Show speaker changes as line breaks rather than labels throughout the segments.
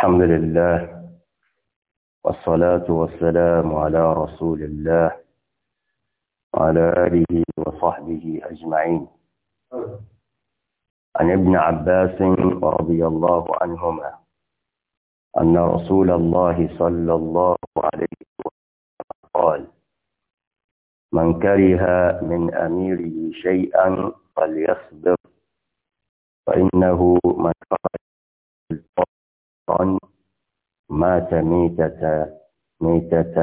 الحمد لله والصلاة والسلام على رسول الله وعلى آله وصحبه أجمعين عن ابن عباس رضي الله عنهما أن رسول الله صلى الله عليه وسلم قال من كره من أميره شيئا فليصبر فإنه من كره مات ميتة ميتة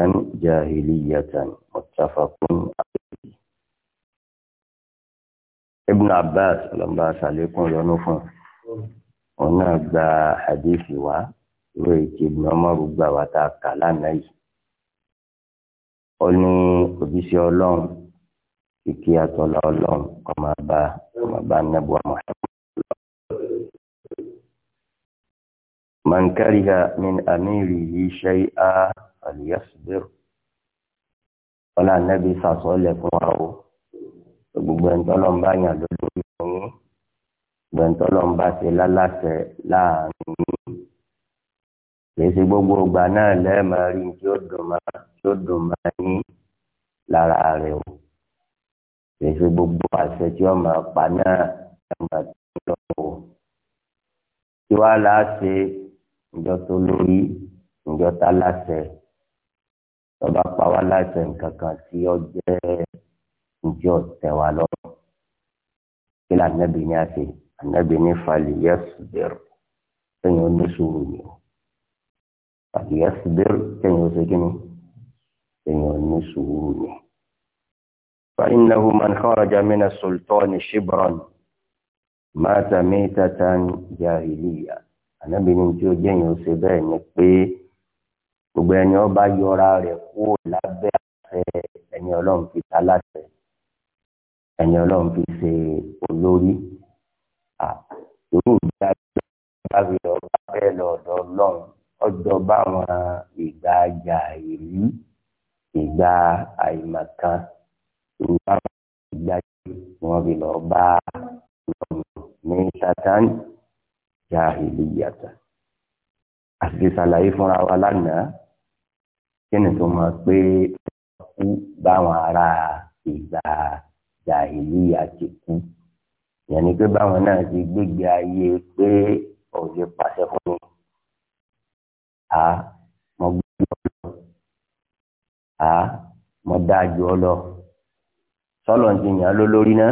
جاهلية متفق عليه ابن عباس لما سالكم ينفون ona gba hadithi wa lórí ti ibn Umar gba wa ta kà lánàá yìí ó ní òbíṣẹ Ọlọ́run kìkì àtọlà Ọlọ́run kọmọba kọmọba nàbùwà mọhàmmed. من كره من أميره شيئا فليصبر ولا النبي صلى الله عليه وسلم gbogbo ẹni tọ́lọ́ ń bá yàn lórí ẹ̀yìn gbogbo ẹni tọ́lọ́ ń bá ṣe lálàṣẹ láàrin yìí kìí ṣe gbogbo ìgbà náà lẹ́ẹ̀mọ́ rí tí ó dùn máa tí ó dùn máa yín lára rẹ̀ o kìí ṣe gbogbo àṣẹ tí ó máa pa náà lẹ́ẹ̀mọ́ tí ó lọ́wọ́ tí wàá láṣẹ ǹjọ́ tó lórí ǹjọ́ tá láṣẹ tọba pa wá láṣẹ nǹkan kan tí ó jẹ́ ǹjọ́ tẹ̀ wá lọ. kí ló ànábì ní àṣẹ ànábì ní falẹ̀ yẹ́sù bẹ̀rù sẹ́yìn ó ní sùúrù ni o falẹ̀ yẹ́sù bẹ̀rù sẹ́yìn ó ṣe ni sẹ́yìn ó ní sùúrù ni. فإنه من خرج من السلطان شبرا مات ميتة جاهلية ànábì ní tí ó jẹ́ yẹn ó ṣe bẹ́ẹ̀ ni pé gbogbo ẹni ọba yọra rẹ̀ kúrò lábẹ́ àṣẹ ẹni ọlọ́run fi ta láṣẹ ẹni ọlọ́run fi ṣe olórí irú ìgbà bá fi ọba bẹ́ẹ̀ lọ́dọ̀ ọlọ́run ọjọ́ báwọn ìgbà ajá ìlú ìgbà àìmọ̀kan ìgbà ìgbà tí wọ́n fi lọ́ọ́ bá ọlọ́run ní sátánì jahiliyata àti ṣàlàyé fúnra wa lánàá kí ni tó máa pé kú báwọn ará ìgbà jahiliya ti kú yẹn ni pé báwọn náà ti gbégbé ayé pé òye pàṣẹ fún mi a mo gbé ọ a mo dájú ọ sọlọ ti yàn án lólórí náà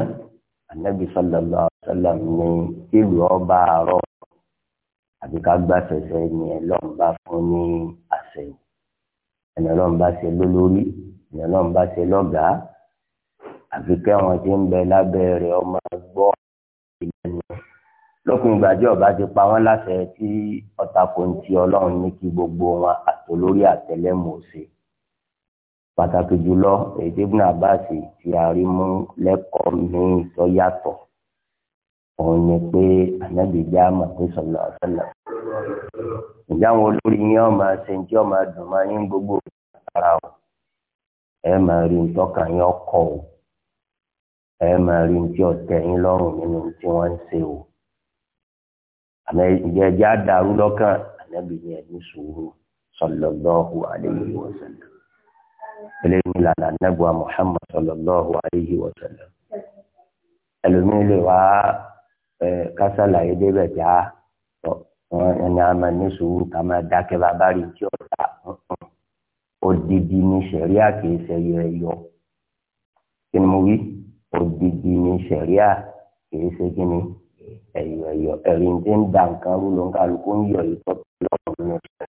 anabi sallallahu alaihi wasallam ní kílù ọba àárọ àbí ká gbà sẹsẹ ni Ọlọ́run bá fún ní àṣẹ ẹni Ọlọ́run bá ṣe lólórí ẹni Ọlọ́run bá ṣe lọ́gàá àfi kẹwọn tí ń bẹ lábẹ́ rẹ̀ ọmọ gbọ́ ìlànà lókun ìgbà tí ọba ti pa wọn láṣẹ tí ọtakò ń ti Ọlọ́run ní kí gbogbo wọn àtòlórí àtẹlẹmù ṣe pàtàkì jùlọ èdè ibùn abasi ti àrímú lẹ́kọ̀ọ́ míín tó yàtọ̀ òun ni pé ànábìjá màtí sọlọ ọsẹlẹ Ndị àwọn olórí yín ọmọ àṣẹǹjẹ́ ọmọ ọma yín gbogbo ara ọ ẹ máa rí ní tọ́ka yín ọkọ̀ o ẹ máa rí ní tí ọ̀tẹ̀ yín lọ́rùn nínú tí wọ́n ń ṣe o lọ́kàn ànábì ní sùúrù eléyìí lànà wá kásálà wọn ẹni àmà ní sùúrù ká máa dákẹ́ bàbá rí tí ọ̀tá odidi ní sẹ̀ríà kìí ṣẹyọ ẹyọ kí ni mo wí odidi ní sẹ̀ríà kìí ṣe kí ni ẹyọ ẹyọ ẹ̀rí ń tí ń da nǹkan rú ló ń kálukú ń yọ ìtọ́ lọ́rùn ní sẹ̀ríà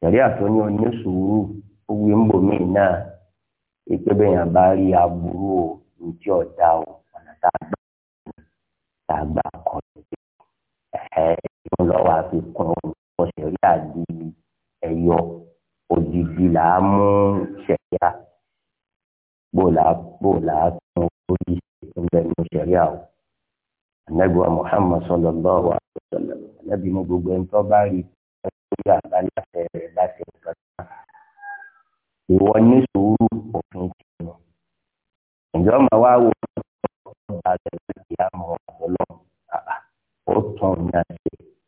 sẹ̀ríà tó ní oní sùúrù ó wí ń bòmí náà ike bẹ́yàn bá rí aburú o ní tí ọ̀dà o ọ̀nà tá a gbà kọ́ ẹ̀ ẹ́ lọ́wọ́ àfikún ọ̀sẹ̀rí àdí ẹ̀yọ òjijì là á mú ṣẹ̀yà bóòlà bóòlà tún orí ṣètò bẹ́ẹ̀ ní ṣẹ̀yà o. Ànágbà Mùhàmmad sallallahu alaihi wasallam ànábì ní gbogbo ẹni tó bá rí ẹgbẹ́ àbáláṣẹ rẹ̀ láti nǹkan kan. Ìwọ ní sùúrù òfin kìnnìún. Ǹjọ́ máa wá